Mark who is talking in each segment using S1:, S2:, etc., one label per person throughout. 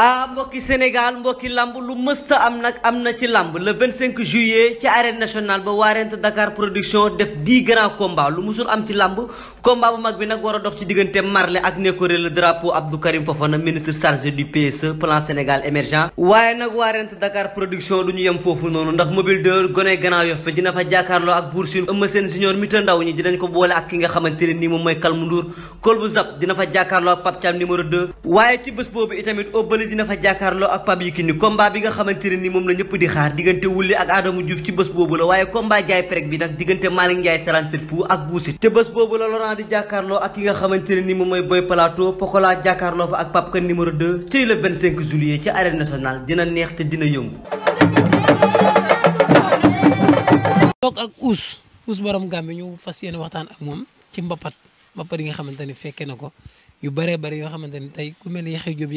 S1: ah mbokki Sénégal mbokki lamb lu mësta am nag am na ci lamb le 25 juillet ci arène nationale ba waarent Dakar production def 10 grands combats lu musul am ci lamb combat bu mag bi nag war a dox ci diggante Marley ak Nékoré le drapeau Abdou Karim Fofana ministre chargé du PSE plan Sénégal émergent waaye nag waarent Dakar production du ñu yem foofu noonu ndax mobile de gone Grand Yoff fa dina fa jàkkaarloo ak Bour Sine Eumeu Sène junior mi ta ndaw ñi dinañ ko boole mooy Kalmu Ndour Kolbu Zap dina fa jàkkaarloo ak dina fa jàkkaarloo ak Pape Yekini combat bi nga xamante ne ni moom la ñëpp di xaar diggante Wouly ak Adama Diouf ci bés boobu la waaye combat jaay prek bi nag diggante Malick Ndiaye 37 fou ak Boussine te bés boobu la Laurent di jàkkaarloo ak ki nga xamante ne ni moom mooy Boy Plateau Pokola jàkkaarloo fa ak Pape Kane numéro 2 ci le 25 juillet ci arène nationale dina neex te dina yëngu.
S2: toog ak Ous Ous borom Gàmbi ñu fas yéene waxtaan ak moom ci mbapat mbapat yi nga xamante ne fekke na ko yu bëree bëri yoo xamante ne tey ku mel ni Yaxya Jóob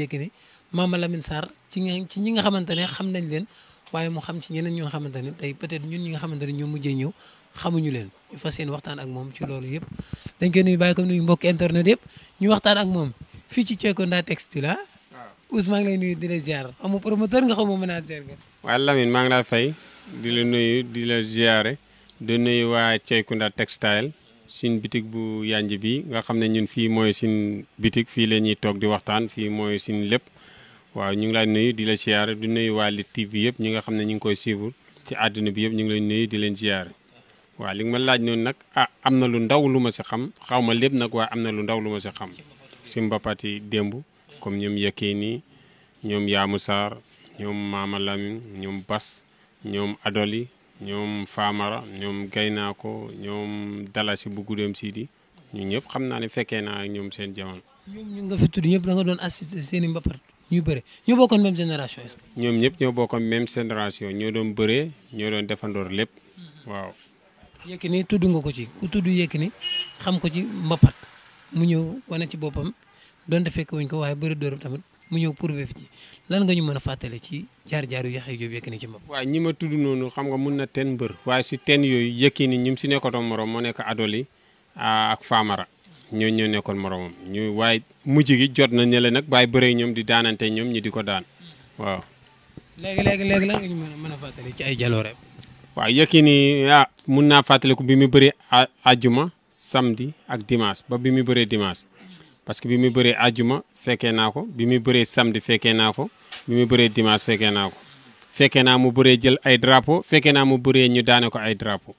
S2: Mama Lamine Sarr ci nga ci ñi nga xamante ne xam nañ leen waaye mu xam ci ñeneen ñoo xamante ne tey peut-être ñun ñi nga xamante ne ñoo mujjee ñëw xamuñu leen ñu fas yéene waxtaan ak moom ci loolu yëpp dañ koy nuyu bàyyi ko nuyu mbokk internet ñu waxtaan ak moom fii ci Ceekonda Textile ah. waaw Ousmane lay nuyu di la ziar amu promoteur nga xamoo manager nga.
S3: waaw Lamine maa ngi fay di la nuyu di la ziare di nuyu waa Ceekonda Textile suñ bitig bu yanj bi nga xam ne ñun fii mooy suñ bitig fii leen ñuy toog di waxtaan fii mooy suñ lépp. waaw ñu ngi lay nuyu di la ziar di nuyu waa Lutte TV yëpp ñi nga xam ne ñu ngi koy suivre ci àdduna bi yëpp ñu ngi lay nuyu di leen ziar waaw li nga ma laaj noonu nag ah am na lu ndaw lu ma si xam xaw ma lépp nag waaye am na lu ndaw lu ma si xam si mbapat yi démb comme ñoom Yékini ñoom Yamou saar ñoom Mama Lamine ñoom Bas ñoom Adoli ñoom Famara ñoom Gaynaako ñoom Dalasi bu guddeem Sidi ñu ñëpp xam naa ne fekkee naa ñoom seen jamono.
S2: ñu bëre ñu bokkoon même génération est
S3: ñoom ñëpp ñoo bokkoon même génération ñoo doon bëree ñoo doon defandoor lépp waaw.
S2: Yékini tudd nga ko ci ku tudd Yékini xam ko ci mbapat mu ñëw wane ci boppam donte fekk wuñ ko waaye bëri dóoram tamit mu ñëw prouvé fi ci lan nga ñu mën a fàttale ci jaar-jaar yu Yaxya Joob Yékini ci mbapat.
S3: waa ñi ma tudd noonu xam nga mun na ten mbër waaye si ten yooyu Yékini ñi mu si nekkoon morom moo nekk Adoli ah, ak Famara. ñoo ñoo nekkoon moromam ñu waaye mujj gi jot na ñële nag baay bëre ñoom di daanante ñoom ñi di ko daan waaw.
S1: léegi léegi léegi lan a ci ay jaloore.
S3: waaw Yékini ah mun naa fàttaliku bi mu bëree ajuma samedi ak dimanche ba bi mu bëree dimanche parce que bi mu bëree àjjuma fekkee naa ko bi mu bëree samedi fekkee naa ko bi mu bëree dimanche fekkee naa ko fekkee naa mu bëree jël ay drapo fekkee naa mu bëree ñu daane ko ay drapeau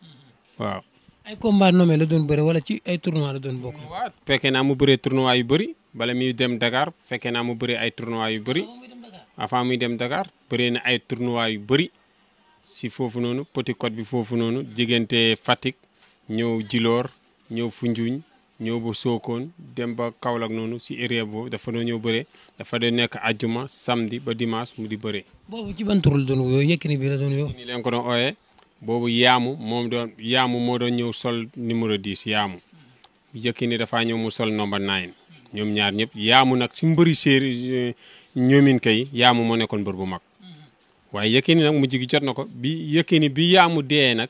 S3: waaw.
S2: ay combat nommé la doon bëre wala ci ay tournoi la doon bokk. waaw
S3: fekkee naa mu bëre tournoi yu bëri bala muy dem Dakar fekkee naa mu bëree ay tournoi yu bëri. avant muy dem Dakar bëree na ay tournoi yu bëri si foofu noonu Petit Côte bi foofu noonu diggante Fatick ñëw jiloor ñëw Foundiougne ñëw ba Sokone dem ba Kaolack noonu si area boobu dafa doon ñëw bëree dafa doon nekk ajjuma samedi ba dimanche mu di bëree. boobu ci ban tur
S2: doon wuyoo Yékini bi la doon
S3: wuyoo. boobu yaamu moom doon yaamu moo doon ñëw sol numéro 10 yaamu Yékini dafaa ñëw mu sol number 9 ñoom ñaar ñëpp yaamu nag si mbëri séeri euh, ñoomin kay yaamu moo nekkoon mbër bu mag waaye Yékini nag mujj gi jot na ko bi Yékini bi yaamu dee nag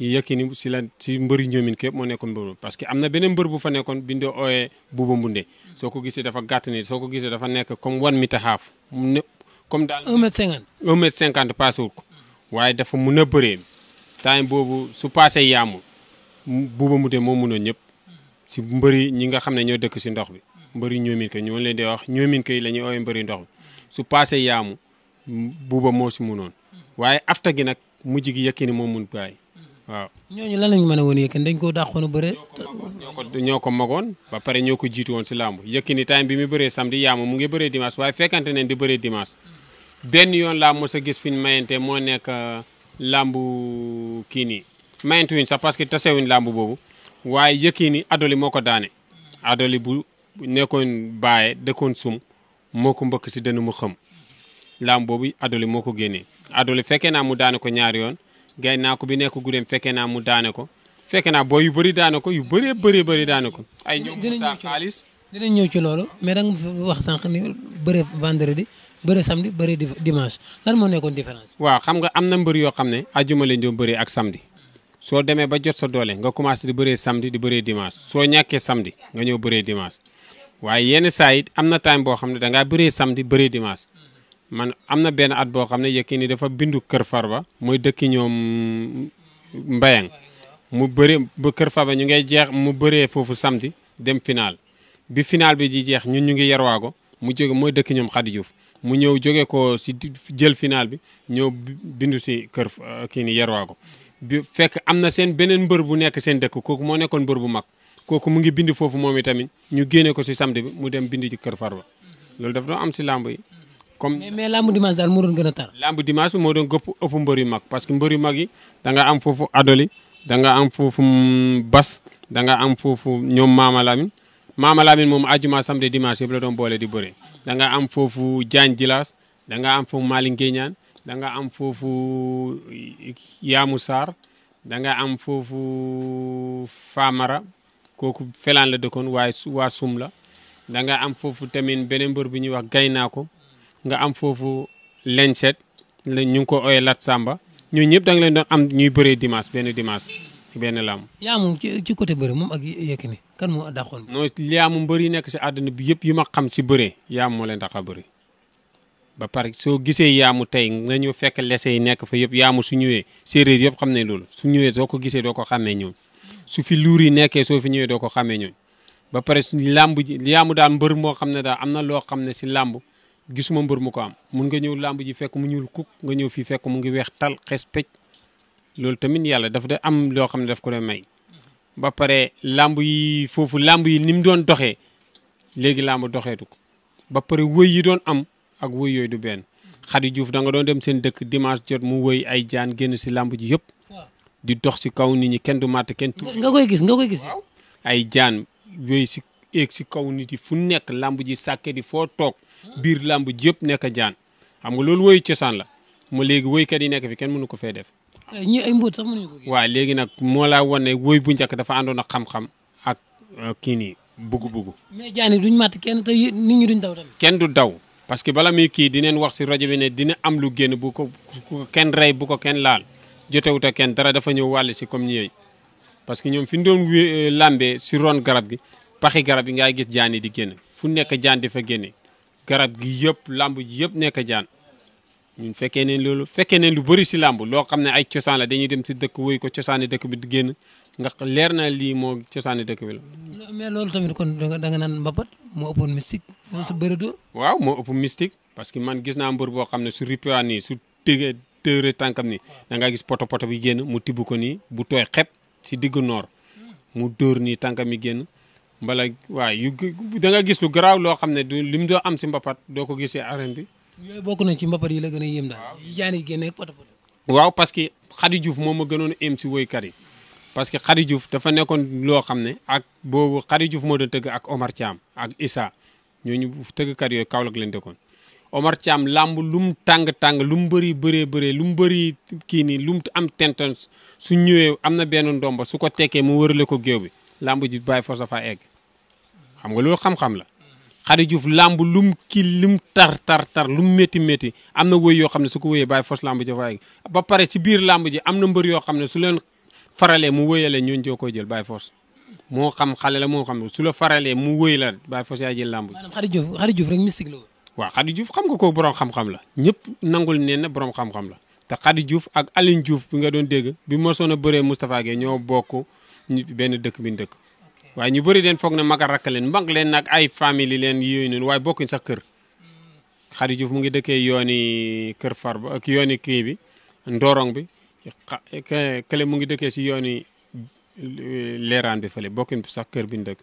S3: Yékini si la si mbëri ñoomin képp moo nekkoon mbër parce que am na beneen mbër bu fa nekkoon bi ñu doon ooyee Buuba soo ko gisee dafa gàtt ni soo ko gisee dafa nekk comme one mètre half mu ne comme daal. 1 mètre pass 1 ko. waaye dafa mun a bëree temps boobu su paasee yaamul buuba dee moo munoon ñëpp si mbëri ñi nga xam ne ñoo dëkk si ndox bi mbëri ñoomin ko ñoo leen di wax ñoomin ko yi la ñuy ooyee mbëri ndox bi su paasee yaamu buuba moo si munoon waaye afta gi nag mujj gi Yékini moo mun gaay waaw. ñooñu
S2: lan lañ mën a woon Yékini dañ koo dàqoon a bëree.
S3: ñoo ko magoon ba pare ñoo ko jiitu woon si làmb Yékini time bi mu bëree samedi yaamu mu ngi bëree dimanche waaye fekkante ne di bëree dimanche. benn yoon laa mos a gis fi ñu mayante moo nekk euh, làmbu kii nii mayante wuñ sax parce que tasewuñ làmbu boobu waaye Yékini Adoli moo ko daane Adoli bu nekkoon baaye dëkkoon sum moo ko mbëkk si dënn mu xëm làmb boobu Adoli moo ko génnee Adoli fekkee naa mu daane ko ñaari yoon gay naa ko bi nekk guddem fekkee naa mu daane ko fekkee naa boo yu bëri daane ko yu bëree bëri bëri daane ko dinañ
S2: ñëw ci loolu mais da nga wax sànq ni bëre vendredi bëre samedi bëre dimanche lan moo nekkoon différence
S3: waaw xam nga am na mbër yoo xam ne ajuma leen doo bëree ak samedi soo demee ba jot sa doole nga commencé di bëree samedi di bëree dimanche soo ñàkkee samedi nga ñëw bëree dimanche waaye yenn saa it am na time boo xam ne da ngaa bëree samdi bëree dimanche man am na benn at boo xam ne Yékini dafa bindu Kër far ba muy dëkki ñoom mbayan mu bëree ba Kër Farba ñu ngay jeex mu bëree foofu samedi dem final bi final bi di jeex ñun ñu ngi yarwaago mu jóge mooy dëkk ñoom Khady Diouf mu ñëw joge ko si jël final bi ñëw bindu si kër euh, kii ni yarwaago bi fekk am na seen beneen mbër bu nekk seen dëkk kooku moo nekkoon mbër bu mag kooku mu ngi bind foofu moom itamit ñu génne ko si samedi bi mu dem bind ci kër Farba loolu daf doo am si làmb yi comme mais mais làmb dimanche daal moo doon gën a tar làmb dimanche bi moo doon gëpp ëpp mbër yu mag parce que mbër yu mag yi da nga am foofu adoli da nga am foofu bas da nga am foofu ñoom maama Maama Lamine moom ajuma samedi dimanche yëpp la doon boole di bëre da nga am foofu Diagne Djilas da nga am foofu Malick Ngéñaan da nga am foofu euh, Yaamu Sarr da nga am foofu Famara kooku felaan la dëkkoon waaye waa sum la da nga am foofu tamit beneen mbër bu ñuy wax gaynaa ko nga am foofu Lencet la ñu ngi ko ooyee Lat Samba ñoo ñëpp da leen doon am ñuy bëree dimanche benn dimanche benn lam
S2: yaamu ci côté bëri moom ak Yékini kan moo dàqoon
S3: bi. mbër yi nekk si àddina bi yëpp yi ma xam si bëree yaamu moo leen tax a bëri ba pare soo gisee yaamu tey nga ñëw fekk lese yi nekk fa yëpp yaamu su ñëwee séeréer yëpp xam ne loolu su ñëwee soo ko gisee doo ko xàmmee ñoom su fi luur yi nekkee soo fi ñëwee doo ko xàmmee ñooñ ba pare su làmb ji yaamu daal mbër moo xam ne daal am na loo xam ne si làmb gisuma mbër mu ko am mun nga ñëw làmb ji fekk mu ñuul kuk nga ñëw fii fekk mu ngi weex tal xes pecc loolu tamit yàlla daf da am loo xam ne daf ko doon may ba pare làmb yi foofu làmb yi ni mu doon doxee léegi làmb doxeetu ko ba pare woy yi doon am ak wëy yooy du benn Khady Diouf da nga doon dem seen dëkk dimanche jot mu woy ay jaan génn si làmb ji yëpp di dox si kaw nit ñi kenn du màtt kenn tu nga koy gis nga koy gis ay jaan wëy si kaw nit yi fu nekk làmb ji sàkke di foo toog biir làmb ji yëpp nekk jaan xam nga loolu woy cosaan la ma léegi wëykat yi nekk fi kenn mënu ko fee def
S2: Eh, ñii
S3: ay léegi nag moo laa wan ne woy bu njëkk dafa àndoon ak xam-xam ak euh, kii nii bugg-bugg.
S2: mais jaani duñ màtt kenn te nit ñi daw tamit.
S3: kenn du daw parce que bala muy kii dineen wax si rajo bi ne dina am lu génn bu ko kenn rey bu ko kenn laal jotewute kenn dara dafa ñëw wàll si comme ñi parce que ñoom fi ñu doon euh, làmbee si ron garab gi paxi garab yi ngay gis jaani di génn fu nekk jaan di fa génne garab gi yëpp làmb ji yëpp nekk jaan. ñun fekkee neen loolu fekkee neen lu bëri si làmb loo xam ne ay cosaan la dañuy dem si dëkk woy ko cosaani dëkk bi di génn nga leer na lii moo cosaani dëkk bi la.
S2: mais loolu da nga naan mbapat moo ëppoon mystique. waaw su bëri
S3: waaw moo ëpp mystique parce que man gis naa mbër boo xam ne su ripiwaan nii su tëgee tànkam nii da nga gis poto poto bi génn mu tibb ko nii bu tooy xep si diggu noor mu dóor nii tànkam yi génn. mbala waaye yu da nga gis lu garaaw loo xam ne du mu doo am si mbapat doo ko gisee arène bi.
S2: yooyu bokk na ci mbapat yi la gën a yéem daal yi yi génne poto
S3: waaw parce que Khady Diouf moom ma gënoon a yéem si kat yi parce que Khady Diouf dafa nekkoon loo xam ne ak boobu Khady Diouf moo doon tëgg ak Omar Thiam ak Issa ñooñu tëggkat yooyu Kaolack leen dëkkoon Omar Thiam làmb lu mu tàng-tàng lu mu bëri bëree bëree lu mu bëri kii nii lu mu am tentan su ñëwee am na benn domb su ko tekkee mu wërale ko géew bi làmb ji bàyyi force dafa egg xam nga loolu xam-xam la Khady Diouf làmb lum ki lum tar tar tar lum métti métti am na wëy yoo xam ne su ko wëyee bàyyi fos làmb ji waaye ba pare si biir làmb ji am na mbër yoo xam ne su leen faralee mu wëyalee ñooñu coo koy jël bàyyi fos moo xam xale la moo xam ne su la faralee mu wëy la bàyyi fos yaay jël làmb ji. maanaam Khady Diouf Khady Diouf rek mystique la woon. waaw Khady Diouf xam nga ko borom xam-xam la ñëpp nangul nee na borom xam-xam la te Khady Diouf ak Aline Diouf bi nga doon dégg bi mosoon a bëree Moustapha Gueye ñoo bokk benn dëkk bi dëkk waaye ñu bëri den foog ne mag a rakk leen mbag leen nag ay famille leen yooyu noonu waaye bokkuñ sax kër Khady Diouf mu ngi dëkkee yooni kër Farba ak yooni kii bi Ndorong bi kële mu ngi dëkkee si yooni eh, leeraan bi fële bokkuñ sax kër bi ñu dëkk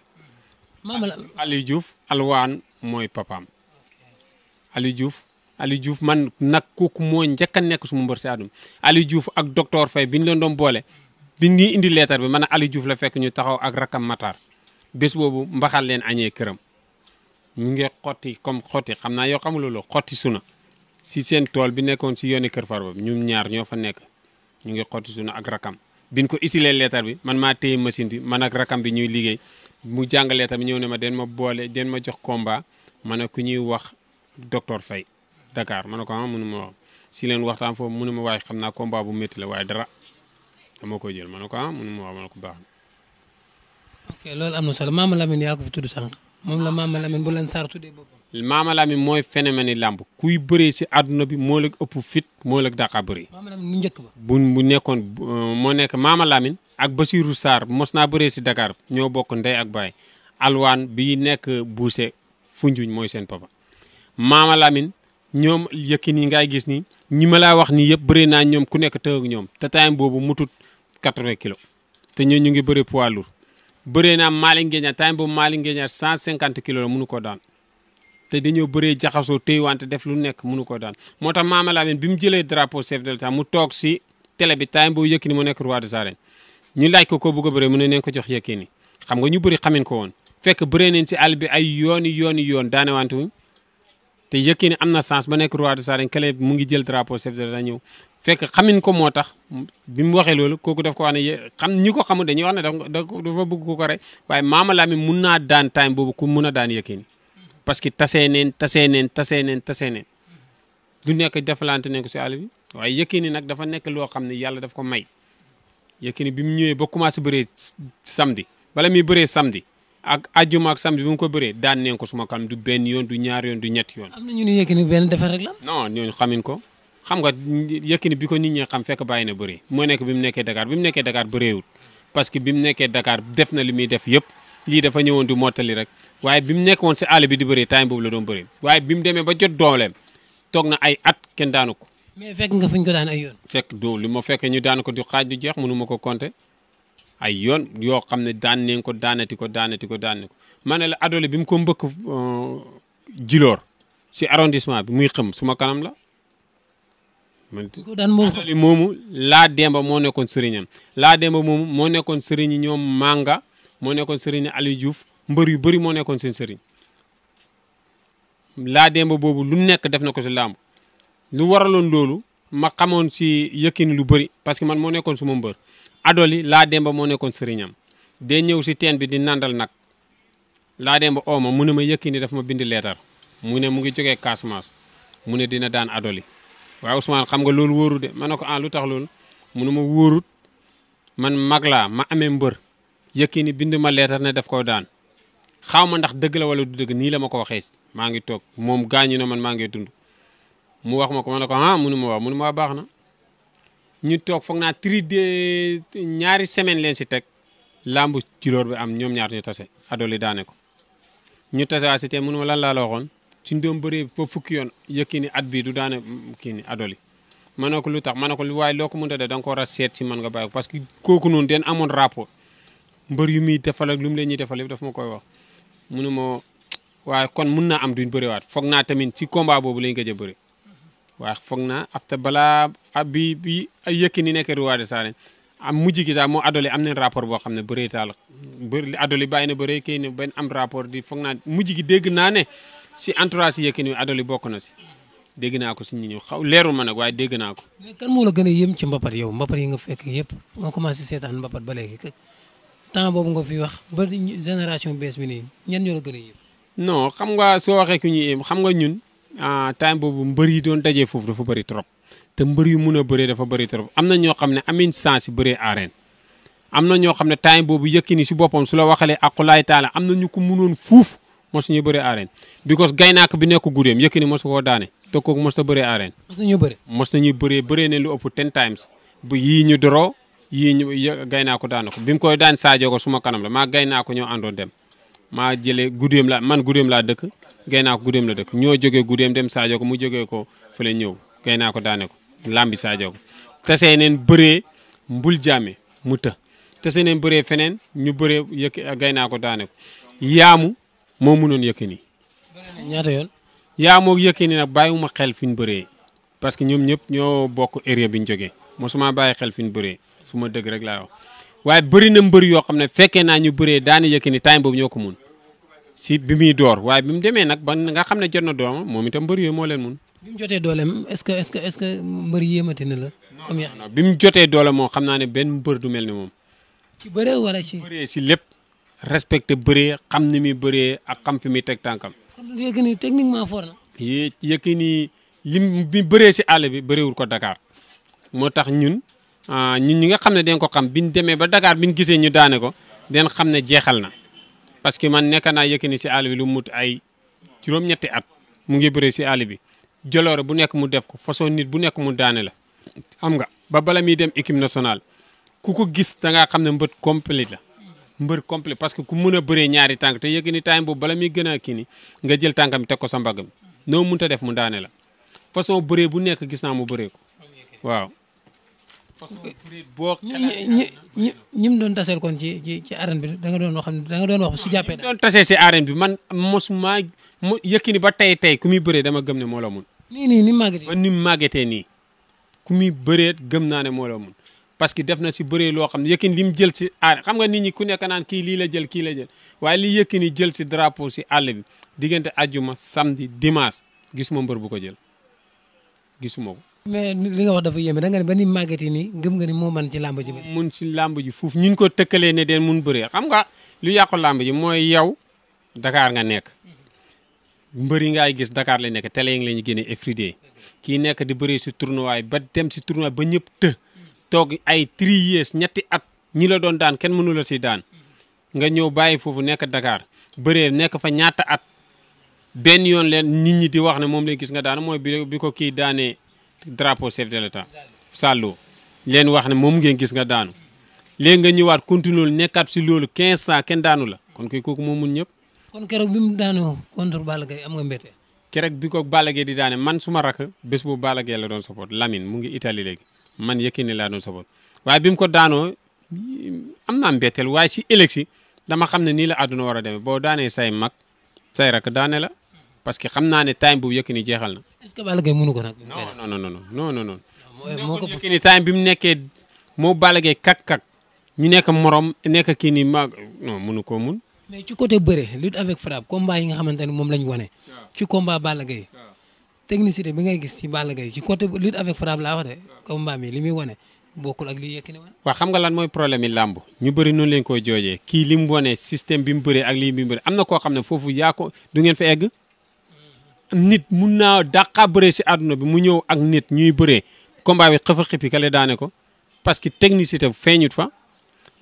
S3: Aliou Diouf alwaan mooy papaam Aliou Diouf Aliou Diouf man nag kooku moo njëkk nekk suma mbër si àdduna Aliou Diouf ak docteur Faye bi ñu leen doon boole bi ñuy indi leetar bi man a Aliou Diouf la fekk ñu taxaw ak rakkam mataar bés boobu mbaxal leen añee këram ñu ngi xotti comme xotti xam naa yoo xamuloo xotti suna si seen tool bi nekkoon si yooni kër Farba ñum ñaar ñoo fa nekk ñu ngi xotti suna ak rakkam ko isilee leetar bi man maa téye machine bi man ak rakkam bi ñuy liggéey mu jàng leetar ñëw ne ma den ma boole den ma jox combat ma ne ku ñuy wax docteur Faye Dakar ma ne ko ah mënu ma wax si leen waxtaan foofu mënu ma waaye xam naa combat bu métti la waaye dara dama koy jël ma ne ko ah ko baax
S2: na moom la
S3: Mama mooy phénomène yi làmb kuy bëree si àdduna bi moo la ëpp fit moo la dàqa bëri. Mama njëkk ba. bu nekkoon euh, moo nekk Mama Lamine. ak Basirou Sarr mos naa bëree si Dakar ñoo bokk ndey ak baay alwaan bi nekk buuse Foundiougne mooy seen papa Mama Lamine ñoom Yékini ngay gis nii. ñi ma laa wax nii yëpp bëri naa ñoom ku nekk tëg ñoom te time boobu mutut 80 kilos te ñoo ñu ngi bëri poids lourd bëree naa Malick Nguéniagne time boobu Malick Nguéniagne 150 kilos la mënu ko daan te dañoo bëree jaxasoo wante def lu nekk munu ko daan moo tax Mama Lamine bi mu jëlee drapeau chef de l'État mu toog si télé bi time boobu Yékini mu nekk roi des arènes ñu laaj ko ko bëgg a bëree mu ne nañ ko jox Yékini xam nga ñu bëri xamin ko woon fekk bëree nañ si àll bi ay yooni yooni yoon daanewante wuñ te Yékini am na chance ba nekk roi de Sardaigne kële mu ngi jël drapeau chef de l'État ñëw fekk xamin ko moo tax bi mu waxee loolu kooku daf ko wax ne xam ko xamul dañuy wax ne dafa bëgg ko ko rey waaye Maama Lamine mun naa daan time boobu ku mun a daan Yékini parce que tasee neen tasee neen tasee neen tasee neen nekk defalante ne ko si àll bi waaye Yékini nag dafa nekk loo xam ne yàlla daf ko may Yékini bi mu ñëwee ba commencé bëree samedi bala muy bëree samedi ak ajjuma ak samedi bi mu ko bëree daan neen ko suma kam du benn yoon du ñaar yoon du ñett yoon. am na
S2: ñu ni Yékini benn defar rek la.
S3: non ñooñu xamin ko xam nga Yékini bi ko nit ñi xam fekk bàyyi na bëri moo nekk bi mu nekkee Dakar bi mu nekkee Dakar bëreewul parce que bi mu nekkee Dakar def na li muy def yëpp lii dafa ñëwoon di mottali rek waaye bi mu nekk woon si àll bi di bëree time boobu la doon bëri waaye bi mu demee ba jot dooleem toog na ay at kenn daanu ko.
S2: mais fekk nga fu ñu ko daan ay
S3: fekk du li ñu daan ko di xaaj du jeex mënu ma ko compter ay yoon yoo xam ne daan ko daanati ko daaneeti ko daanati ko ma la adole bi mu ko mbëkk euh, jiloor si arrondissement bi muy xam suma kanam la. man adole moomu laa demba moo nekkoon sëriñam laa demba moomu moo nekkoon sëriñ ñoom Manga moo nekkoon sëriñ Aliou Diouf mbër yu bëri moo nekkoon seen sëriñ laa demba boobu lu nekk def na ko si làmb lu waraloon loolu ma kamoon si yëkkin lu bari parce que man moo nekkoon suma mbër. adoli laa demba moo nekkoon sëriñam dee ñëw si teen bi di nandal nag laa demba ooma mu ne ma yëkkini daf ma bind leetar mu ne mu ngi jógee Casamance mu ne dina daan adoli waaye Ousmane xam nga loolu wóoru de ma ne ko ah lu tax loolu mu ma wóorut man mag laa ma amee mbër yëkkini bind ma leetar ne daf ko daan xaw ndax dëgg la wala du dëgg nii la ma ko waxee maa ngi toog moom gaañu na man maa ngi dund mu wax ma ko ma ne ko ah mu ma waaw mu ma baax na ñu toog foog naa tri de ñaari semaine leen si teg làmbu cilóor bi am ñoom ñaar ñu tase adoli daane ko ñu tase waa si te mënu ma lan laa la waxoon suñ doom bëree ba fukki yoon yëkkini at bi du daane kii ni adoli ma ne ko lu tax ma ne ko lu waaye loo ko mënta def da nga ko war a seet si mën ga bàyyi parce que kooku noonu den amoon rapport mbër yu muy defal ak lu mu leen ñuy defal yëpp daf ma koy wax munu ma waaye kon mun naa am duñ bëriwaat foog naa tamit ci combat boobu lañ gëj a bëri waaye foog naa afta balaa bi bi ay Yékini nekk roi des arènes am mujj gi sax moo Adoli am nañ rapport boo xam ne bëree taal bëri Adoli bàyyi na bëree kii ne benn am rapport di foog naa mujj gi dégg naa ne si entourage Yékini Adoli bokk na si dégg naa ko si ñu ñëw xaw leerul ma nag waaye dégg naa ko.
S2: mais kan moo la gën a yëm ci mbapat yow mbapat yi nga fekk yëpp moo commencé seetaan mbapat ba léegi temps boobu nga fi wax ba génération bees bi nii ñenn ñoo la gën a yëm.
S3: non xam nga soo waxee ñu yëm xam nga ñun. Ah, time boobu mbër yi doon daje foofu dafa bëri trop te mbër yu mun a bëree dafa bëri trop am na ñoo xam ne amin sens yu bëree arène am na ñoo xam ne time boobu Yékini si boppam su la waxalee aqulaay taala am na ñu ko munoon fuuf mosu ñu bëree arène because gaynaak bi nekk guddeem Yékini mosu koo daane te kooku mos ta bëri arène mos nañu bëree mos nañuy bëree bëree ne lu ëpp ten times bu yii ñu doro yii ñu gaynaa ko daana ko bi mu koy daan Sadio ko suma kanam la maa gaynaa ko ñoo àndoon dem maa jëlee guddeem la man guddeem laa dëkk gaynaako guddeem la dëkk ñoo jógee guddeem dem Sadio ko mu jógee ko fële ñëw gaynaa ko daane ko làmbi Sadio ko tasee neen bëree mbul jaame mu të tasee neen bëree feneen ñu bëree yëkk gaynaa ko daane ko yaamu moo mënoon Yékini ñaata yoon yaamoo Yékini nag bàyyiwuma xel fi ñu bëree parce que ñoom ñëpp ñoo bokk area bi ñu jógee mosuma bàyyi xel fi ñu bëree su ma dëgg rek laa wax waaye bëri na mbër yoo xam ne fekkee naa ñu bëree daane Yékini time boobu ñoo ko mun si bi muy door waaye bi mu demee nag ba nga xam ne jot na doomam moom itam mbër moo leen mun.
S2: bi mu jotee dooleem est-ce que est-ce que est-ce que na bi
S3: mu jotee doole moo xam naa ne benn mbër du mel ni moom. ci bëree wala ci. bëree si lépp respecté bëree xam ni muy bëree ak xam fi muy teg tànkam.
S2: kon Yékini techniquement fort na.
S3: yé Yékini li bi bëree si àll bi bëreewul ko dakaar moo tax ñun ah, ñun ñi nga xam ne dañ ko xam bi biñ demee ba dakaar bi biñ gisee ñu daane ko den xam ne jeexal na. parce que man nekk naa Yékini si àll bi lu mut ay juróom-ñetti at mu ngi bëre si àll bi joloore bu nekk mu def ko façon nit bu nekk mu daane la. xam nga ba bala muy dem équipe national ku ko gis da ngaa xam ne mbët complet la mbër complet parce que ku mun a bëree ñaari tànk te Yékini time boobu bala muy gën a kii ni nga jël tànkami teg ko sa mbagam noo mun a def mu daane la façon bëree bu nekk gis naa mu bëree ko waaw.
S2: ñi ñi ñi mu doon taseel kon ci ci ci arène bi da nga doon wax da nga doon wax su jàppee. Ah,
S3: doon tasee si arène bi man mosuma mu Yékini ba tey tey ku muy bëree dama gëm ne moo la mun.
S2: nii nii ni mu màggatee ba
S3: ni mu màggatee nii ku muy bëree gëm naa ne moo la mun parce que def na si bëree loo xam ne Yékini li mu jël si aar xam nga nit ñi ku nekk naan kii lii la jël kii la jël waaye li Yékini jël si drapeau si àll bi diggante ajuma samedi dimanche gisuma mbër bu ko jël gisuma ko.
S2: mais li nga wax dafa yeme da nga ne ba ni màgget yi nii gëm nga ni moo man ci làmb ji.
S3: mun si làmb ji fuuf ñun ko tëkkalee ne den mun bëree xam nga lu yàqu làmb ji mooy yow Dakar nga nekk mbër yi ngay gis Dakar la nekk télé yi ngi leen di génne kii nekk di bëree si tournoi ba dem si tournoi ba ñëpp ay three years ñetti at ñi la doon daan kenn mënu si daan nga ñëw bàyyi foofu nekk dakaar bëree nekk fa ñaata at benn yoon leen nit ñi di wax ne moom lay gis nga daan mooy bi ko kii daanee. drapo chef de l'état Salloo leen wax ne moom ngeen gis nga daanu léegi nga ñëwaat continuer nekkaat si loolu 15 ans kenn daanu la kon koy kooku moo mun ñëpp.
S2: kon keroog bi mu daanoo contre am nga mbette.
S3: keroog bi ko bala Gaye di daane man suma rakk bés bu Balla Gaye la doon support Lamine mu ngi itali léegi man Yékini laa doon support waaye bi mu ko daanoo am naa mbetteel waaye si élection dama xam ne nii la àdduna war a demee boo daanee say mag say rakk daane la. parce que xam naa ne time bu Yékini jeexal na. est-ce que Balla Gaye mënu ko nag. non non non mu nekkee moo Balla Gaye ñu nekk morom nekk kii nii ma non mënu koo mun.
S2: mais ci côté bëre lutte avec frappe combat yi nga xamante ne moom la ñu wane. ci combat Balla Gaye. technicité bi ngay gis ci Balla Gaye côté lutte avec frappe laa wax de. combat mi bokkul ak li Yékini wane.
S3: waa xam nga lan mooy problème yi làmb ñu bëri noonu leen ko joojee kii li mu wane système bi mu bëree ak lii bi mu bëree am na koo xam ne foofu yaa ko du ngeen fa egg. nit mun naa dàqa bëree si àdduna bi mu ñëw ak nit ñuy bëree combat bi xëfa xippi kale daane ko parce que technicité feeñut fa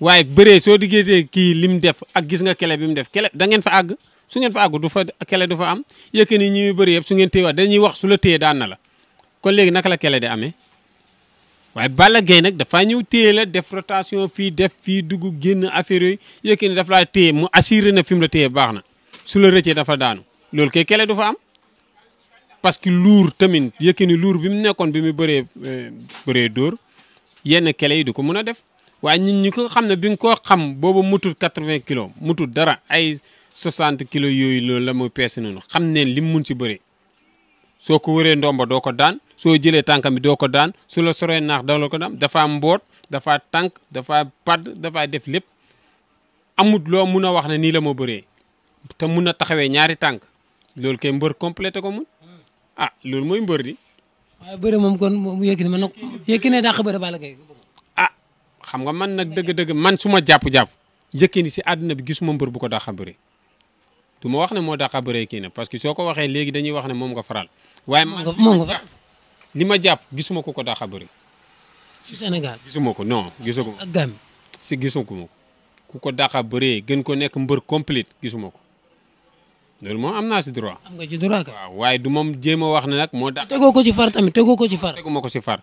S3: waaye bëree soo diggantee kii lim def ak gis nga kele bi mu def kele da ngeen fa àgg su ngeen fa àgg du fa am Yékini ñi ñuy bëri yëpp su ngeen téyewaat dañuy wax su la téye daan na la kon léegi naka la kele di amee waaye Balla Gaye nag dafa ñëw téye la def rotation fii def fii dugg génn affaire yooyu Yékini daf laa téye mu assuré na fi mu la téye baax na su la rëccee dafa daanu loolu kay kele am parce que luur tamit Yékini luur bi mu nekkoon bi mu bëree euh, bëree dóor yenn kele yi du ko mën a def waaye ñun ñi ko xam ne bi nga ko xam boobu mutul 80 kilos mutul dara ay 60 kilos yooyu loolu la mu peese noonu xam neen li mu mun si bëree soo ko wëree ndomba doo ko daan soo jëlee tànkam bi doo ko daan su la soree naax doo la ko daan dafa mboot dafa tànk dafa padd dafa def lépp amut loo mun a wax ne nii la ma bëree te mun a taxawee ñaari tànk loolu kay mbër ko mun ah loolu mooy mbër di.
S2: waaye bëre moom kon moom Yékini man nag Yékini dàq bëre Balla Gaye ah,
S3: xam nga man nag dëgg-dëgg man su ma jàpp-jàpp Yékini si àdduna bi gisuma mbër bu ko dàq bëre du ma wax ne moo dàq bëree kii na parce que soo ko waxee léegi dañuy wax ne moom nga faral. waaye man moom nga faral li ma jàpp gisuma ko ko dàq bëre. si Sénégal gisuma ko non ah, gisuma ko. ak Gambie si gisuma ko ku ko dàq bëree gën ko nekk mbër complète gisuma ko. loolu moom am naa si droit. am nga ci droit waaw waaye du moom jéema wax ne nag moo tax. tegoo ko ci far tamit tegoo ko ci far. tegu ma ko si far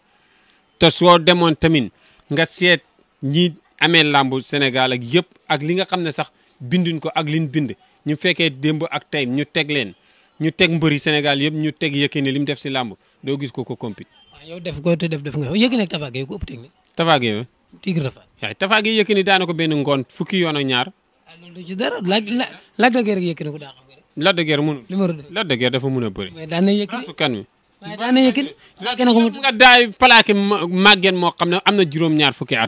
S3: te soo demoon tamit nga seet ñi amee làmb Sénégal ak yëpp ak li nga xam ne sax binduñ ko ak liñ bind ñu fekkee démb ak tey ñu teg leen ñu teg mbëri Sénégal yëpp ñu teg Yékini li mu def si làmb doo gis ko ko compit
S2: waaw yow def ko te def def nga yow Yékini ak Tapha Gueye ko ëpp technique.
S3: Tapha Gueye Tigre Tapha waaye Tapha ko benn ngoon fukki yoon ak ñaar. waaw
S2: ah, loolu ci ko daa
S3: Lac de Guiers mënul. numéro 2 de Guiers dafa mën a bëri. mais na yëkkati rasu kan wi.
S2: waaye daan
S3: na ko mu nga daay plaqué màggeen moo xam ne am na juróom-ñaar fukki ah,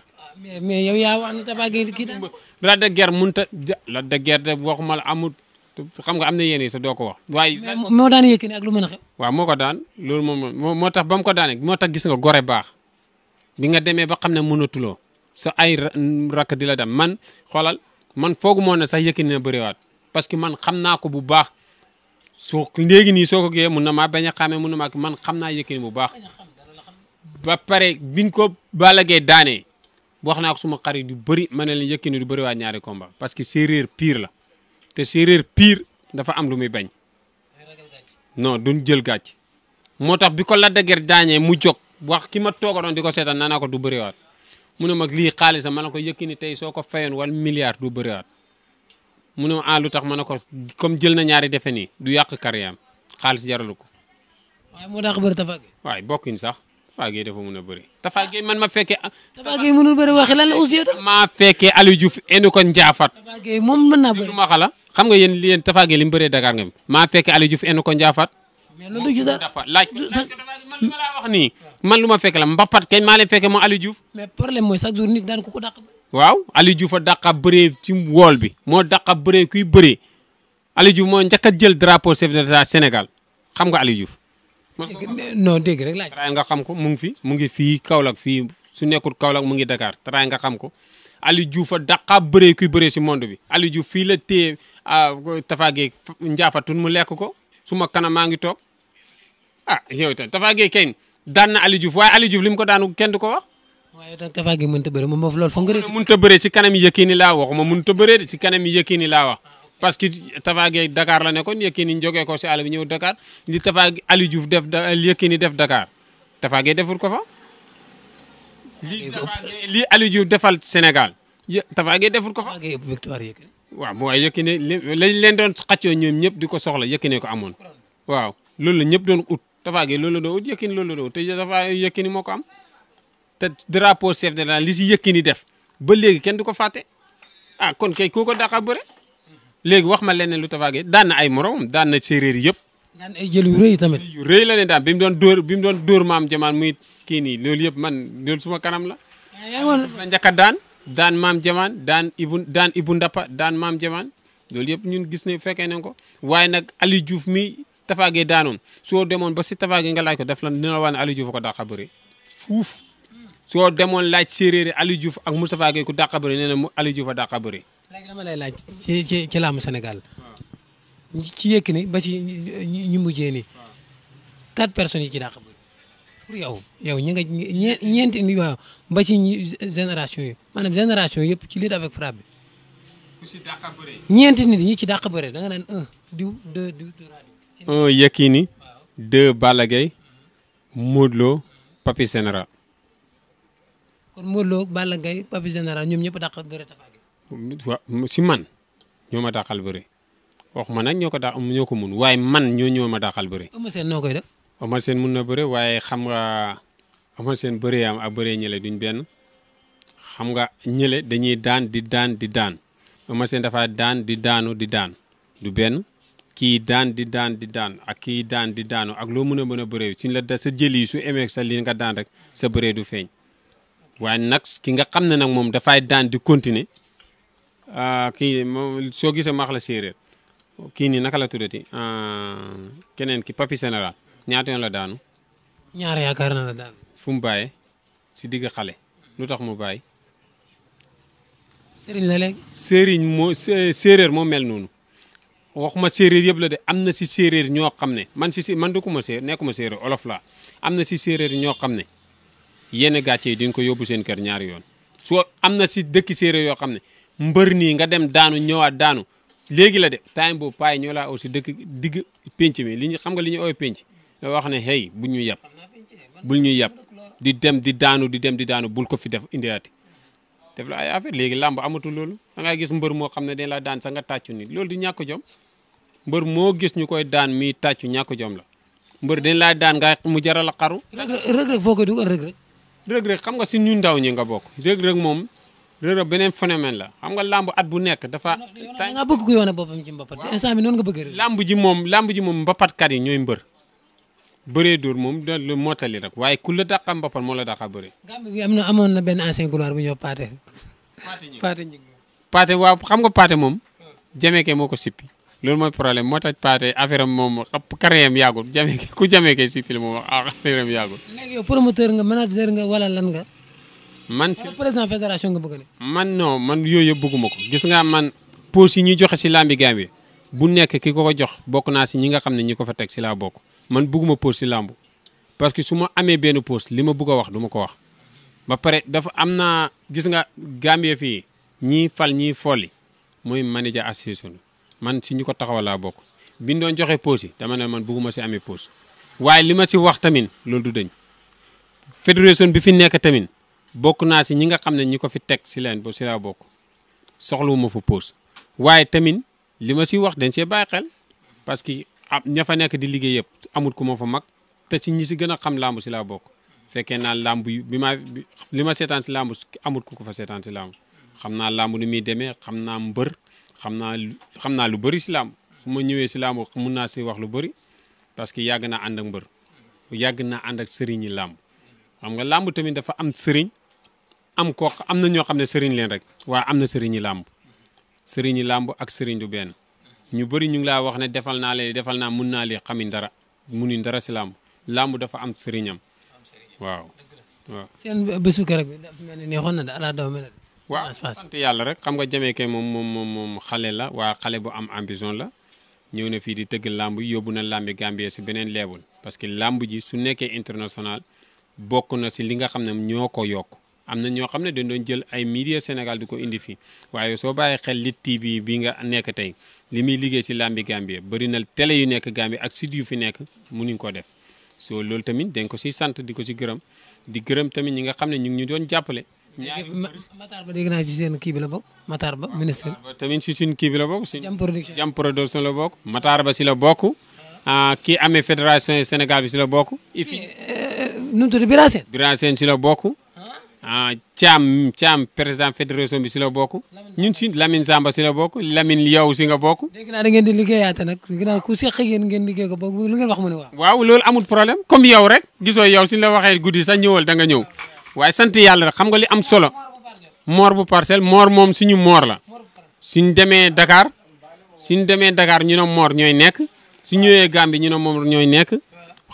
S2: mais yow yaa wax ne Tapha Gueye kii daan.
S3: Lac de Guiers mënut a Lac de Guiers de waxuma amul xam nga am na yéene sa doo ko wax.
S2: moo daan yëkkati ak lu mën a xew.
S3: moo ko daan loolu moom moo tax ba ko daane moo tax gis nga gore baax bi nga demee ba xam ne mënatuloo sa ay rakk di la dem man xoolal man foogu moo ne sax yëkkati na bëriwaat parce que man xam naa ko bu baax soo léegi nii soo ko gee mun na maa bañ a xàmmee mun na maa man xam naa Yékini bu baax. ba pare biñ ko Balla daane daanee wax naa ko suma xarit yu bëri ma ne leen Yékini du bëri waa ñaari komba parce que séeréer piir la te séeréer piir dafa am lu muy bañ. non duñ jël gàcc. moo tax bi ko la dëgër daañee mu jóg wax ki ma toogaroon di ko seetaan naa naa ko du bëriwaat mu ne mag lii xaalisam ma ne ko Yékini tey soo ko fayoon wal milliard du bëriwaat. mu ne ah lu tax ma ne ko comme jël na ñaari defe nii du yàq carrière xaalis jaralu ko.
S2: waaye moo dàq bëri Tafa Gueye.
S3: waaye bokkuñ sax Tafa Gueye dafa mun a bëri.
S2: Tafa Gueye man ma fekkee. Ah, Tafa Gueye mënul bëri la aussi yow. maa
S3: fekke Aliou Diouf indi ko Ndiafat. Tafa moom mën naa bëri lu ma xam nga yéen li yéen li mu bëree Dakar nga. maa fekkee Aliou ko Ndiafat. lu ma laa la mbapat kañ maa leen fekkee moom Aliou Diouf. mais
S2: problème mooy chaque jour nit daan ko ko dàq
S3: waaw Aliou Diouf a dàqa bëree ci wool bi moo dàqa bëree kuy bëree Aliou Diouf moo njëkk jël drapeau chef de Sénégal xam nga Aliou Diouf. dégg rek laaj. nga xam ko mu ngi fi mu ngi fii Kaolack fii su nekkul Kaolack mu ngi Dakar taraay nga xam ko Aliou Diouf a dàqa bëree kuy si monde bi Aliou fii la téye Tafa Gueye mu lekk ko su kanam maa ngi toog ah yow itam Tafa Gueye kenn daan na ko daanu kenn du ko wax. waaye nag
S2: Tapha Gueye a bëree moom foofu loolu foog nga.
S3: mënut a bëree ci kanam Yékini laa wax ma mënut a bëree ci kanam Yékini laa wax. Ah, parce que Tapha Gueye Dakar la nekkoon Yékini jógee ko si àll bi ñëw Dakar li Tapha Aliou Diouf def da Yékini def Dakar Tapha Gueye deful ko fa. lii Tapha Gueye lii Aliou Diouf defal Sénégal yë Tapha Gueye deful ko fa. waaw mooy Yékini lañ leen doon xàccoo ñoom ñëpp di ko soxla Yékini ko amoon waaw loolu la ñëpp doon ut Tapha Gueye loolu la doon ut Yékini loolu moo ko am te drapeau chef de li si Yékini def ba léegi kenn du ko fàtte ah kon kay koo ko dàqa bëre léegi wax ma ne lu Tapha daan na ay moromam daan na séeréer yëpp.
S2: daan ay jël tamit.
S3: yu rëy la ne daan mu doon dóor bi mu doon dóor maam jamaan muy kii nii loolu yëpp man loolu suma kanam la. la ah, njëkk daan daan maam jamaan daan ibu daan ibu ndappa daan maam jamaan loolu yëpp ñun gis ne fekkee nañ ko waaye nag ali Diouf mi Tapha Gueye daanoon soo demoon ba si Tapha Gueye nga laaj ko def la dina la wax ne Aliou Diouf ko dàqa bëre soo demoon laaj séeréer yi Aliou Diouf ak Moustapha Gueye ku dàqa bëri nee na mu Aliou Diouf a dàqa bëri.
S2: léegi dama lay laaj ci ci ci laamu Sénégal. ci Yékini ba ci ñu mujjee nii. personnes yi ci dàqa yow yow ñi nga ñe ñeenti ni waaw ba ci génération yi yëpp ci lutte avec frappe bi. ku ci ñi ci dàqa bëri da nga naan un diw deux diw
S3: trois. un Yékini. deux Balla Papi Général.
S2: kon Modou Lo Balla Gaye Pape Général ñoom ñëpp dàqal bëre Tapha
S3: Gueye. si man ñoo ma dàqal bëre wax ma nag ñoo ko daa ñoo ko mun waaye man ñoo ñoo ma daaxal bëre.
S2: Eumeu Sène noo koy def.
S3: Eumeu Sène mun na bëre waaye xam nga Eumeu Sène bëree am ak bëree ñële duñ benn xam nga ñële dañuy daan di daan di daan Eumeu Sène dafa daan di daanu di daan du benn kii daan di daan di daan ak kii daan di daanu ak loo mën a mën a bëree suñ la da sa jëli su emeek sa lii nga daan rek sa bëree du feeñ. waaye nag ki nga xam ne nag moom dafay daan di continuer ah, kii moom soo gisee maax la séeréer kii nii naka la tuddati ah, keneen ki papi général ñaata la daanu.
S2: ñaar yaakaar na la daanu.
S3: fu mu si digg xale lu tax mu bàyyi. sëriñ la léegi. sëriñ moo séeréer moo mel noonu waxuma séeréer yëpp la de am na si séeréer ñoo xam ne man si si man dëkkuma séeréer nekkuma séeréer olof la am na si séeréer ñoo xam ne. yenn gàcce yi di nga ko yóbbu seen kër ñaari yoon soo am na si dëkki séeréer yoo xam ne mbër nii nga dem daanu ñëwaat daanu léegi la de time boobu paay ñoo laa aussi dëkk digg pénc mi li ñu xam nga li ñu ooy pénc wax ne hey bu ñu yab bul ñu yab di dem di daanu di dem di daanu bul ko fi def indiwaati def la ay léegi làmb amatul loolu da nga gis mbër moo xam ne dañ la daan sax nga tàccu ni loolu di ñàkk jom mbër moo gis ñu koy daan mi tàccu ñàkk jom la mbër dañ laa daan nga mu jaral a xaru. rëg rëg foo koy dugal rëg rëg rëg-rëg xam nga si ñu ndaw ñi nga bokk rëg-rëg moom rëg beneen phénomène la xam nga làmb at bu nekk dafa.
S2: nga bëgg ko yoone boppam ci mbapat instant bi noonu nga bëgg rëg làmb ji moom
S3: làmb ji moom mbapatkat yi ñooy mbër bëree dóor moom da lu mottali rek waaye ku la dàqa mbapat moo la dàqa bëri
S2: gàmb bi am na amoon na benn ancien gloire bu ñëw paate
S3: paate waaw xam nga paate moom ke moo ko sippi loolu mooy problème moo tax Pathé affaire am moom carrière am yàggul jame ku jame kay si film moom ah, affaire am yàggul.
S2: léegi yow promoteur nga manager nga wala lan man si président fédération nga bëgg ne.
S3: man non man yooyu yëpp bëgguma ko gis nga man poche yi ñuy joxe si lambi Gambie bu nekk ki ko ko jox bokk naa si ñi nga xam ne ñi ko fa teg si laa bokk man bëgguma poche si lambu parce que su ma amee benn poche li ma bugg a wax du ma ko wax ba pare dafa am naa gis nga Gambie fii ñii fal ñii folli mooy manager association man si ñu ko taxawal laa bokk biñ doon joxe pause yi dama ne man bëgguma si amee pause waaye li ma si wax tamit loolu du dañ fédération bi fi nekk tamit bokk naa si ñi nga xam ne ñi ko fi teg si leen si laa bokk soxlawuma fa pause waaye tamit li ma si wax dañ see bàyyi parce que ña fa nekk di liggéey yëpp amul ku ma fa mag te si ñi si gën a xam làmb si laa bokk fekkee naa làmb yu bi ma li ma seetaan si làmb amul ku ko fa seetaan si làmb xam naa làmb ni muy demee xam naa mbër xam naa xam naa lu bari si làmb su ma ñëwee si làmb mun naa si wax lu bari parce que yàgg naa ànd ak mbër yàgg naa ànd ak sëriñ làmb xam nga làmb tamit dafa am sëriñ am ko am na ñoo xam ne sëriñ leen rek waaye am na sëriñ làmb sëriñ làmb ak sëriñ du benn ñu bëri ñu ngi laa wax ne defal naa lee defal naa mun naa lee xamuñ dara munuñ dara si làmb làmb dafa am sëriñam waaw waaw.
S2: waaw sant
S3: yàlla rek xam nga Jamaïcain moom moom moom xale la waa xale bu am ambition la ñëw na fii di tëgg làmb yóbbu na làmbi Gambie su beneen leebul parce que làmb ji su nekkee international bokk na si li nga xam ne ñoo ko yokk am na ñoo xam ne dañ doon jël ay media Sénégal di ko indi fii waaye soo bàyyi xel Lutte TV bi nga nekk tey li muy liggéey si làmbi Gambie bëri na télé yu nekk Gambie ak site yu fi nekk mënuñ ko def soo loolu tamit dañ ko siy sant di ko si gërëm di gërëm tamit ñi nga xam ne ñu ngi ñu doon jàppale
S2: Matar Ba dégg naa ci seen kii bi la bokk Matar Ba ministre.
S3: tamit si kii bi la bokk. jam production jam production la bokk. Matar Ba si ah. ah, kii ame fédération Sénégal bi si la bokk. ifi euh, nu mu tudd Birasène. si la bokk. Ah. Thiam Thiam président fédération bi si la bokk. ñun si Lamine Samba si la bokk Lamine yow si nga bokk.
S2: dégg naa da ngeen di liggéeyaate nag dégg ku seq yéen ngeen liggéey ko ba lu wax mu ne waaw.
S3: waaw loolu amul problème comme yow rek gisoo yow suñ la waxee guddi sax ñëwal da nga ñëw. waaye sant yàlla rek xam nga li am solo moor bu parcelle moor moom suñu moor la suñ demee dakaar suñu demee dakaar ñu ne moor ñooy nekk su ñëwee Gambie ñu ne moom ñooy nekk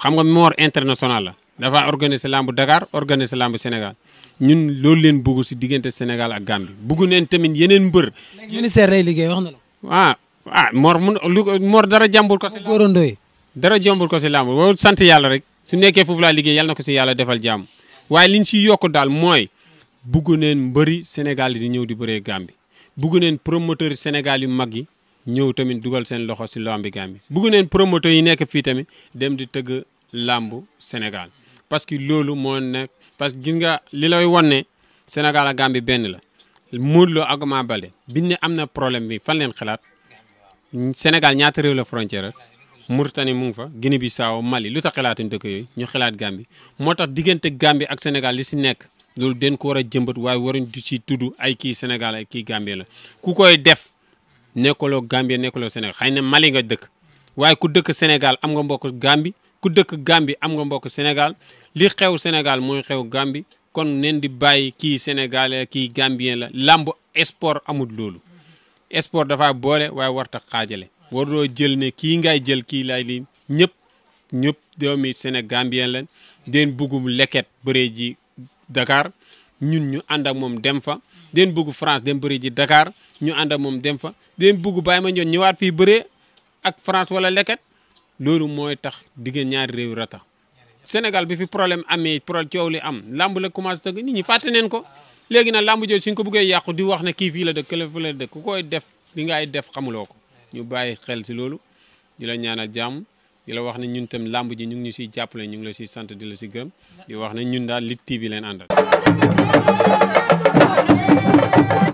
S3: xam nga moor international la dafa organiser lambu Dakar organiser lambu Sénégal ñun loolu leen bugg si diggante Sénégal ak Gambie bugg neen tamit yeneen mbër. ministère lay liggéey wax na la. ah ah moor mun lu moor dara jàmbur ko si. góorandoo yi dara jàmbur ko si lambu loolu sant yàlla rek su nekkee foofu laa liggéey yàlla na ko si yàlla defal jàmm. waaye liñ ciy yokk daal mooy bugg neen mbëri Sénégal yi di ñëw di bëree Gambie bugg neen promoteur Sénégal yu mag yi ñëw tamit dugal seen loxo si lambi Gambie bugg neen promoteur yi nekk fii tamit dem di tëgg làmbu Sénégal parce que loolu moo nekk parce que gis nga li lay wan ne Sénégal ak Gambie benn la Modou Lo ak Ama Baldé bi ne am na problème bi fan leen xalaat Sénégal ñaata réew la frontière Mauritanie mu ngi fa Guinée Bissau Mali lu tax xalaatuñ dëkk yooyu ñu xalaat Gambie moo tax diggante Gambie ak Sénégal li si nekk loolu den ko war a jëmbat waaye waruñ di ci tudd ay kii Sénégal kii Gambie la ku koy def nekkaloo Gambie nekkaloo Sénégal xëy na Mali nga dëkk waaye ku dëkk Sénégal am nga mbokk Gambie ku dëkk Gambie am nga mbokk senegal li xew senegal mooy xew Gambie kon neen di bàyyi kii senegal kii Gambien la làmb sport amul loolu sport dafa boole waaye warta xaajale doo jël ne kii ngay jël kii lay li ñëpp ñëpp doomi Sénégambien leen den bëggum leket bëree ji Dakar ñun ñu ànd ak moom dem fa den bëgg France dem bëree ji Dakar ñu ànd moom dem fa den bëgg Baye Mandione ñëwaat fii bëree ak France wala leket loolu mooy tax diggante ñaari réew rata bi fi problème amee pro coow li am lamb la commencé tëgg nit ñi fàtte neen ko léegi nag lamb joo suñ ko bëggee yàqu di wax ne kii fii la dëkk kële fu ku koy def li ngay def xamuloo ko ñu bàyyi xel ci loolu di la ñaanal jàmm di la wax ne ñun tam làmb ji ñu ngi ñu siy jàppale ñu ngi la siy sant di la si gërëm di wax ne ñun daal Lutte
S1: bi leen àndal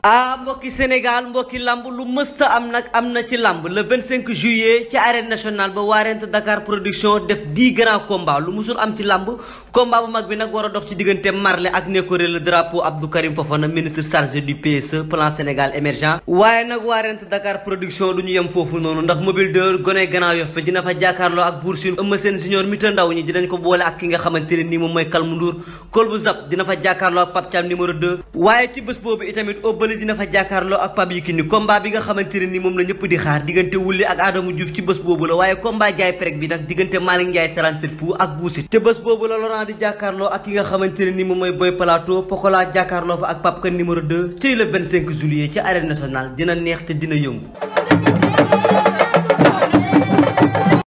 S1: ah mbokki Sénégal mbokki lamb lu mësta am nag am na ci lamb le 25 juillet ci arène nationale ba waarent Dakar production def 10 grands combats lu musul am ci lamb combat bu mag bi nag war a dox ci diggante Marley ak Nékoré le drapeau Abdou Karim Fofana ministre chargé du PSE plan Sénégal émergent waaye nag waarent Dakar production du ñu yem foofu noonu ndax mobile de gone Grand Yoff dina fa jàkkaarloo ak Bour Sine Eumeu Sène Junior mi ndaw ñi dinañ ko boole ak ki nga xamante ne nii moom mooy Kalmu Ndour Kolbu fa jàkkaarloo ak Pape Thiam numéro ne dina fa jàkkaarloo ak Pape Yekini combat bi nga xamante ne ni moom la ñëpp di xaar diggante Wouly ak Adama Diouf ci bés boobu la waaye combat jaay prek bi nag diggante Malick Ndiaye fu ak buusit te bés boobu la Laurent di jàkkaarloo ak ki nga xamante ne ni moom mooy Boy Plateau Pokola jàkkaarloo fa ak Pape Kane numéro 2 ci le 25 juillet ci arène nationale dina neex te dina yëngu